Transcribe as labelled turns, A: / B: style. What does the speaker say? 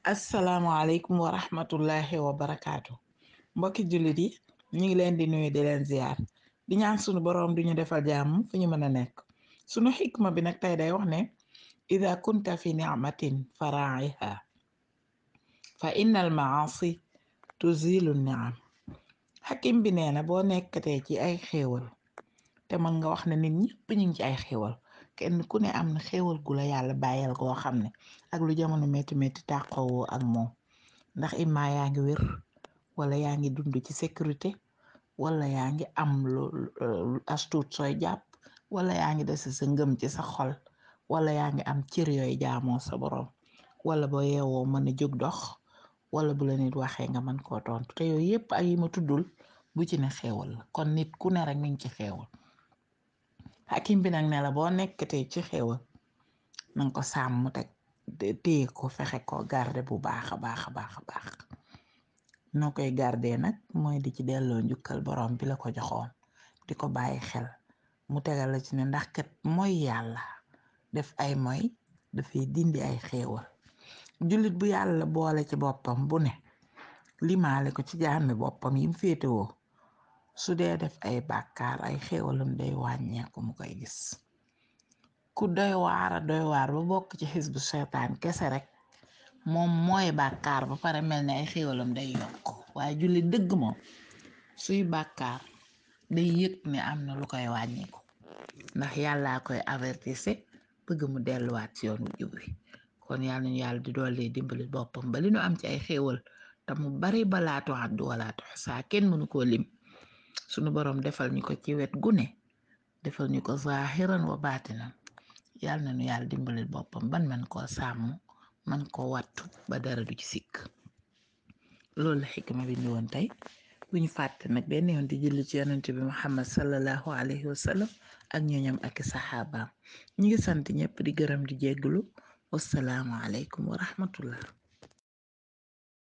A: asalaamualeykum wa rahmatullahi wa barakaatu mbokki jullit yi ñu ngi leen di nuyu di leen ziar di ñaan sunu boroom di ñu defal jàmm fu ñu mën a nekk sunu xikma bi nag tey day wax ne ida kunta fi nicmatin faraiha fa inna al maasi tuzilu niam xakim bi nee na boo nekkatee ci ay xéewal te mën nga wax ne nit ñëpp ñu ngi ci ay xéewal kenn ku ne am na xéewal gu la yàlla bàyyal koo xam ne ak lu jamono métti métti tàqoowoo ak moom ndax imma yaa ngi wér wala yaa ngi dund ci sécurité wala yaa ngi am lu astuut sooy jàpp wala yaa ngi des sa ngëm ci sa xol wala yaa ngi am cër yooyu jaamoo sa borom wala boo yeewoo mën a jóg dox wala bu la nit waxee nga mën koo tontu te yooyu yëpp ak yi ma tuddul bu ci ne xéewal la kon nit ku ne rek mi ngi ci xéewal xakim bi nag ne la boo nekkatee ci xéwal na nga ko sàmm teg téye ko fexe ko garde bu baax a baax a baax baax noo koy gardee nag mooy di ci delloo njukkal boroom bi la ko joxoon di ko bàyyi xel mu tegal la ci ne ndax kat mooy yàlla def ay moy dafay dindi ay xéewal jullit bu yàlla boole ci boppam bu ne limaale ko ci jaami boppam yi féetewoo su dee def ay bàkkaar ay xéewalam day wàññeeku mu koy gis ku doy waar a doy waar ba bokk ci xis bu seetaan kese rek moom mooy bàkkaar ba pare mel ni ay xéewalam day yokk waaye julli dëgg moom suy bàkkaar day yëg ne am na lu koy wàññiku ndax yàlla koy avertise bëgg mu delluwaat ci yoon wu jub wi kon yàlla nañu yàlla di doole dimbali boppam ba li nu am ci ay xéewal te mu bari balaatu àddu walaatu saa kenn mënu koo lim sunu boroom defal ñu ko ci wet gune defal ñu ko zaahiran wa baatinan yàlla na nu yàlla dimbalil boppam ban man ko sàmm man koo wattu ba dara du ci sikk loolu la ma bi ñëwoon tey bu ñu fàtte nag benn di julli ci yonent bi Muhammad sallallahu alayhi wa sallam ak ñooñam ak saxaabaam ñi ngi sant ñëpp di gërëm di jégglu wasalaamu aleykum wa